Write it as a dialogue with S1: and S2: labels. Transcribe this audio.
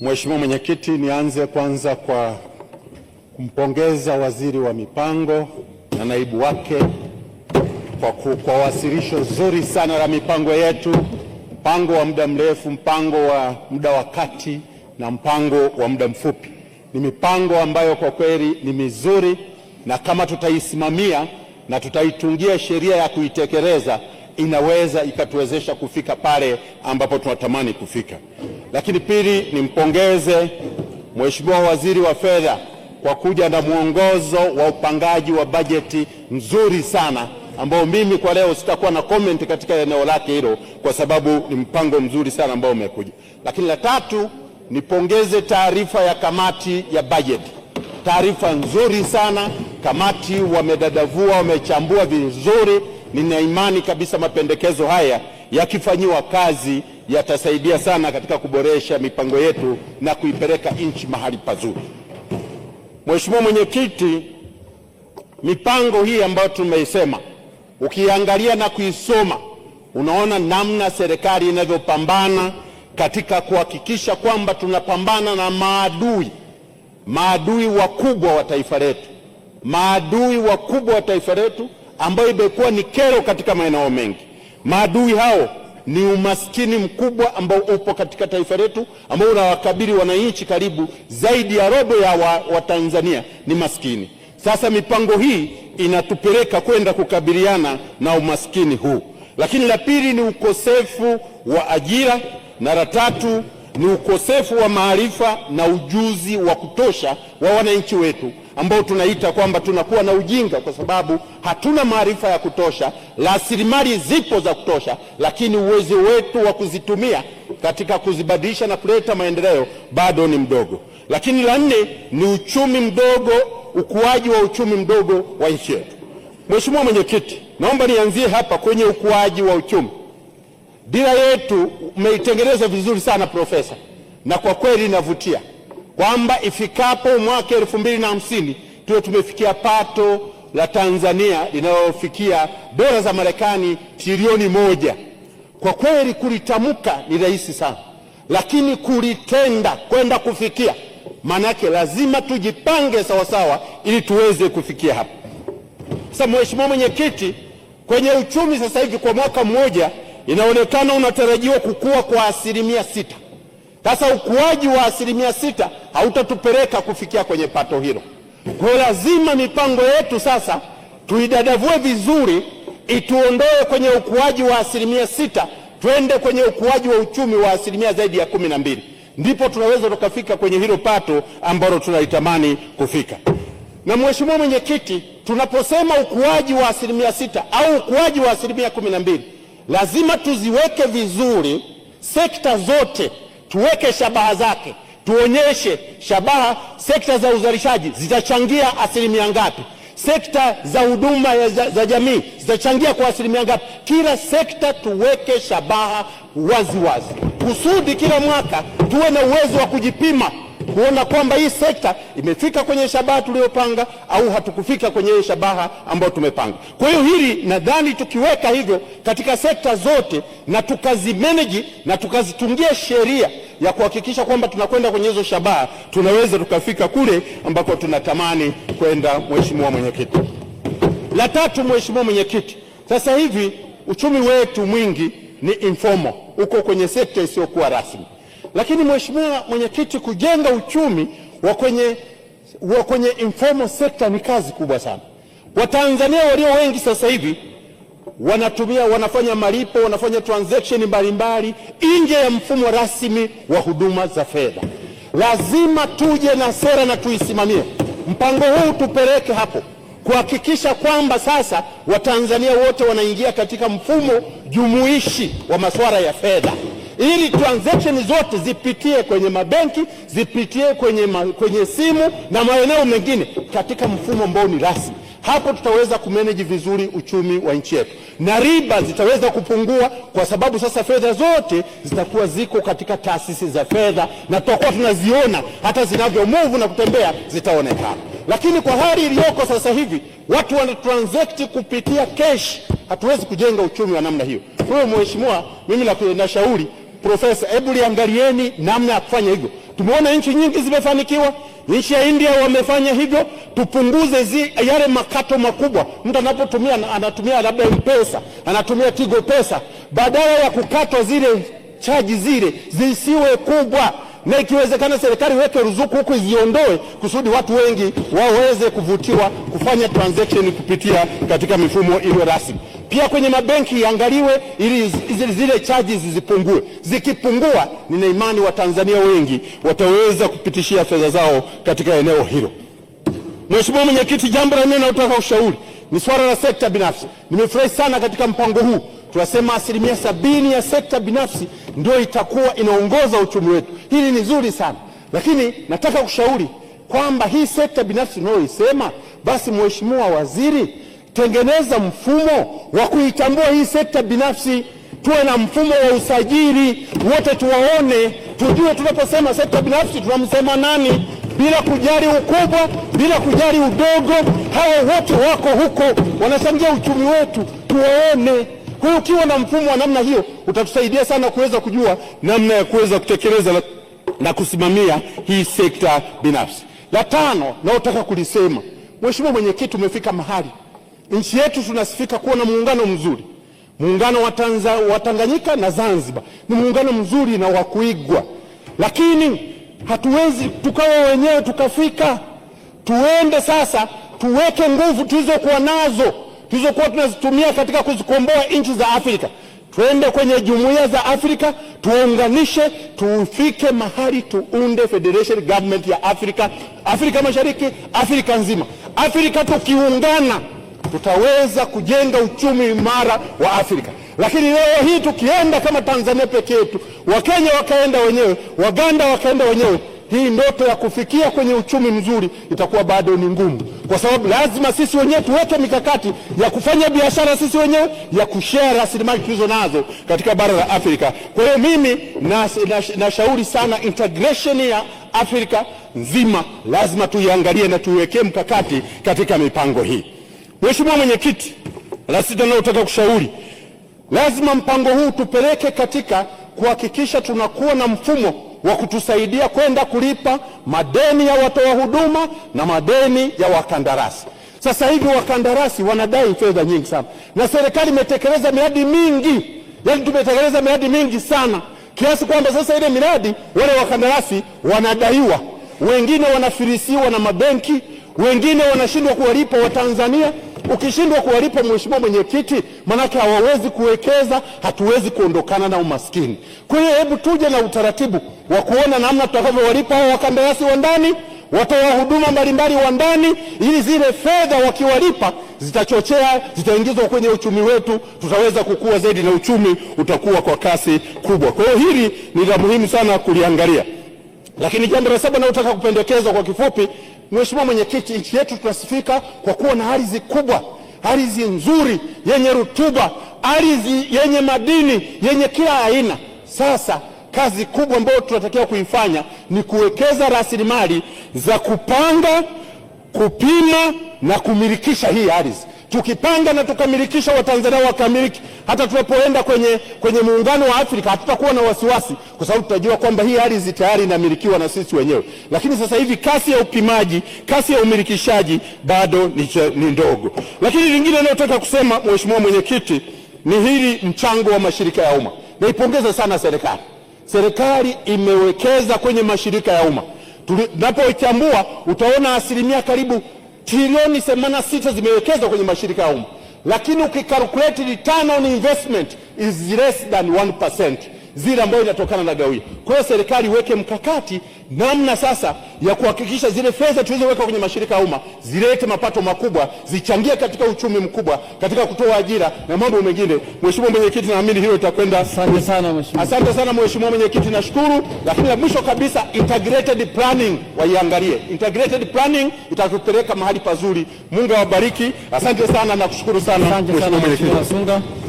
S1: Mheshimiwa Mwenyekiti, nianze kwanza kwa kumpongeza Waziri wa Mipango na naibu wake kwa, ku, kwa wasilisho zuri sana la mipango yetu, mpango wa muda mrefu, mpango wa muda wa kati na mpango wa muda mfupi. Ni mipango ambayo kwa kweli ni mizuri, na kama tutaisimamia na tutaitungia sheria ya kuitekeleza inaweza ikatuwezesha kufika pale ambapo tunatamani kufika. Lakini pili, nimpongeze Mheshimiwa Waziri wa Fedha kwa kuja na mwongozo wa upangaji wa bajeti mzuri sana ambao mimi kwa leo sitakuwa na comment katika eneo lake hilo, kwa sababu ni mpango mzuri sana ambao umekuja. Lakini la tatu, nipongeze taarifa ya kamati ya bajeti, taarifa nzuri sana. Kamati wamedadavua, wamechambua vizuri. Nina imani kabisa mapendekezo haya yakifanyiwa kazi yatasaidia sana katika kuboresha mipango yetu na kuipeleka nchi mahali pazuri. Mheshimiwa Mwenyekiti, mipango hii ambayo tumeisema ukiangalia na kuisoma unaona namna serikali inavyopambana katika kuhakikisha kwamba tunapambana na maadui, maadui wakubwa wa taifa letu, maadui wakubwa wa taifa letu ambayo imekuwa ni kero katika maeneo mengi. Maadui hao ni umaskini mkubwa ambao upo katika taifa letu ambao unawakabili wananchi, karibu zaidi ya robo ya Watanzania wa ni maskini. Sasa mipango hii inatupeleka kwenda kukabiliana na umaskini huu, lakini la pili ni ukosefu wa ajira na la tatu ni ukosefu wa maarifa na ujuzi wa kutosha wa wananchi wetu ambao tunaita kwamba tunakuwa na ujinga kwa sababu hatuna maarifa ya kutosha. Rasilimali zipo za kutosha, lakini uwezo wetu wa kuzitumia katika kuzibadilisha na kuleta maendeleo bado ni mdogo. Lakini la nne ni uchumi mdogo, ukuaji wa uchumi mdogo wa nchi yetu. Mheshimiwa Mwenyekiti, naomba nianzie hapa kwenye ukuaji wa uchumi. Dira yetu umeitengeneza vizuri sana Profesa, na kwa kweli inavutia kwamba ifikapo mwaka elfu mbili na hamsini tuwe tumefikia pato la Tanzania linalofikia dola za Marekani trilioni moja. Kwa kweli kulitamka ni rahisi sana, lakini kulitenda kwenda kufikia, maana yake lazima tujipange sawasawa ili tuweze kufikia hapo. Sasa Mheshimiwa Mwenyekiti, kwenye uchumi sasa hivi kwa mwaka mmoja inaonekana unatarajiwa kukua kwa asilimia sita. Sasa ukuaji wa asilimia sita hautatupeleka kufikia kwenye pato hilo. Kwa lazima mipango yetu sasa tuidadavue vizuri, ituondoe kwenye ukuaji wa asilimia sita twende kwenye ukuaji wa uchumi wa asilimia zaidi ya kumi na mbili, ndipo tunaweza tukafika kwenye hilo pato ambalo tunalitamani kufika. Na Mheshimiwa Mwenyekiti, tunaposema ukuaji wa asilimia sita au ukuaji wa asilimia kumi na mbili, lazima tuziweke vizuri sekta zote tuweke shabaha zake, tuonyeshe shabaha. Sekta za uzalishaji zitachangia asilimia ngapi? Sekta za huduma za, za jamii zitachangia kwa asilimia ngapi? Kila sekta tuweke shabaha waziwazi wazi. Kusudi kila mwaka tuwe na uwezo wa kujipima kuona kwamba hii sekta imefika kwenye shabaha tuliyopanga au hatukufika kwenye hiyo shabaha ambayo tumepanga. Kwa hiyo hili nadhani tukiweka hivyo katika sekta zote na tukazimeneji na tukazitungia sheria ya kuhakikisha kwamba tunakwenda kwenye hizo shabaha, tunaweza tukafika kule ambako tunatamani kwenda. Mheshimiwa Mwenyekiti, la tatu, Mheshimiwa Mwenyekiti, sasa hivi uchumi wetu mwingi ni informal, uko kwenye sekta isiyokuwa rasmi. Lakini mheshimiwa mwenyekiti, kujenga uchumi wa kwenye, wa kwenye informal sector ni kazi kubwa sana. Watanzania walio wengi sasa hivi wanatumia wanafanya malipo wanafanya transaction mbalimbali nje ya mfumo rasmi wa huduma za fedha. Lazima tuje na sera na tuisimamie. Mpango huu tupeleke hapo kuhakikisha kwamba sasa Watanzania wote wanaingia katika mfumo jumuishi wa masuala ya fedha ili transaction zote zipitie kwenye mabenki zipitie kwenye, ma, kwenye simu na maeneo mengine katika mfumo ambao ni rasmi. Hapo tutaweza kumanage vizuri uchumi wa nchi yetu na riba zitaweza kupungua, kwa sababu sasa fedha zote zitakuwa ziko katika taasisi za fedha na tutakuwa tunaziona hata move na kutembea zitaonekana. Lakini kwa hali iliyoko sasa hivi watu wana transact kupitia cash, hatuwezi kujenga uchumi wa namna hiyo. Kwa hiyo mheshimiwa, mimi nashauri Profesa, hebu liangalieni namna ya kufanya hivyo. Tumeona nchi nyingi zimefanikiwa, nchi ya India wamefanya hivyo. Tupunguze zi, yale makato makubwa. Mtu anapotumia anatumia labda pesa anatumia Tigo Pesa, badala ya kukatwa zile chaji, zile zisiwe kubwa, na ikiwezekana serikali weke ruzuku huku iziondoe, kusudi watu wengi waweze kuvutiwa kufanya transaction kupitia katika mifumo iliyo rasmi. Pia kwenye mabenki iangaliwe ili zile charges zipungue. Zikipungua, nina imani Watanzania wengi wataweza kupitishia fedha zao katika eneo hilo. Mheshimiwa Mwenyekiti, jambo la nne nataka ushauri ni swala la sekta binafsi. Nimefurahi sana katika mpango huu tunasema asilimia sabini ya sekta binafsi ndio itakuwa inaongoza uchumi wetu. Hili ni zuri sana, lakini nataka kushauri kwamba hii sekta binafsi tunayoisema, basi Mheshimiwa Waziri tengeneza mfumo wa kuitambua hii sekta binafsi, tuwe na mfumo wa usajili wote, tuwaone, tujue tunaposema sekta binafsi tunamsema nani, bila kujali ukubwa, bila kujali udogo. Hawa wote wako huko, wanachangia uchumi wetu, tuwaone. Kwa hiyo ukiwa na mfumo wa namna hiyo utatusaidia sana kuweza kujua namna ya kuweza kutekeleza na, na kusimamia hii sekta binafsi. La tano naotaka kulisema, Mheshimiwa Mwenyekiti, umefika mahali Nchi yetu tunasifika kuwa na muungano mzuri. Muungano wa, Tanzania, Tanganyika na Zanzibar ni muungano mzuri na wa kuigwa, lakini hatuwezi tukawa wenyewe tukafika. Tuende sasa tuweke nguvu tulizokuwa nazo tulizokuwa tunazitumia katika kuzikomboa nchi za Afrika, tuende kwenye jumuiya za Afrika, tuunganishe, tufike mahali tuunde federation government ya Afrika, Afrika Mashariki, Afrika nzima. Afrika tukiungana tutaweza kujenga uchumi imara wa Afrika. Lakini leo hii tukienda kama Tanzania peke yetu, Wakenya wakaenda wenyewe, Waganda wakaenda wenyewe, hii ndoto ya kufikia kwenye uchumi mzuri itakuwa bado ni ngumu, kwa sababu lazima sisi wenyewe tuweke mikakati ya kufanya biashara sisi wenyewe, ya kushare rasilimali tulizo nazo katika bara la Afrika. Kwa hiyo mimi nashauri na, na sana integration ya Afrika nzima lazima tuiangalie na tuiwekee mkakati katika mipango hii. Mheshimiwa Mwenyekiti, la sita ninalotaka kushauri, lazima mpango huu tupeleke katika kuhakikisha tunakuwa na mfumo wa kutusaidia kwenda kulipa madeni ya watoa huduma na madeni ya wakandarasi. Sasa hivi wakandarasi wanadai fedha nyingi sana, na serikali imetekeleza miradi mingi, yaani tumetekeleza miradi mingi sana kiasi kwamba sasa ile miradi wale wakandarasi wanadaiwa, wengine wanafilisiwa na mabenki, wengine wanashindwa kuwalipa Watanzania. Ukishindwa kuwalipa mheshimiwa mwenyekiti, manake hawawezi kuwekeza, hatuwezi kuondokana na umaskini. Kwa hiyo hebu tuje na utaratibu wa kuona namna tutakavyowalipa hao wakandarasi wa ndani, watoa huduma mbalimbali wa ndani, ili zile fedha wakiwalipa zitachochea, zitaingizwa kwenye uchumi wetu, tutaweza kukua zaidi na uchumi utakuwa kwa kasi kubwa. Kwa hiyo hili ni la muhimu sana kuliangalia. Lakini jambo la saba nalotaka kupendekeza kwa kifupi Mheshimiwa Mwenyekiti, nchi yetu tunasifika kwa kuwa na ardhi kubwa, ardhi nzuri yenye rutuba, ardhi yenye madini, yenye kila aina. Sasa kazi kubwa ambayo tunatakiwa kuifanya ni kuwekeza rasilimali za kupanga, kupima na kumilikisha hii ardhi tukipanga na tukamilikisha, Watanzania wakamiliki, hata tunapoenda kwenye, kwenye muungano wa Afrika hatutakuwa na wasiwasi, kwa sababu tutajua kwamba hii ardhi tayari inamilikiwa na sisi wenyewe. Lakini sasa hivi kasi ya upimaji, kasi ya umilikishaji bado ni, ni ndogo. Lakini lingine inayotaka kusema Mheshimiwa Mwenyekiti ni hili mchango wa mashirika ya umma. Naipongeza sana serikali, serikali imewekeza kwenye mashirika ya umma. Tunapoichambua utaona asilimia karibu trilioni 86 zimewekezwa kwenye mashirika ya umma, lakini ukikalkulate return on investment is less than 1% zile ambayo inatokana na gawio. Kwa hiyo serikali iweke mkakati namna sasa ya kuhakikisha zile fedha tulizoweka kwenye mashirika ya umma zilete mapato makubwa, zichangie katika uchumi mkubwa, katika kutoa ajira na mambo mengine. Mheshimiwa Mwenyekiti, naamini hilo itakwenda.
S2: Asante sana mheshimiwa.
S1: Asante sana mheshimiwa mwenyekiti, nashukuru. Lakini la mwisho kabisa, integrated planning waiangalie. Integrated planning itatupeleka mahali pazuri. Mungu awabariki. Asante sana, nakushukuru sana
S2: mheshimiwa mwenyekiti.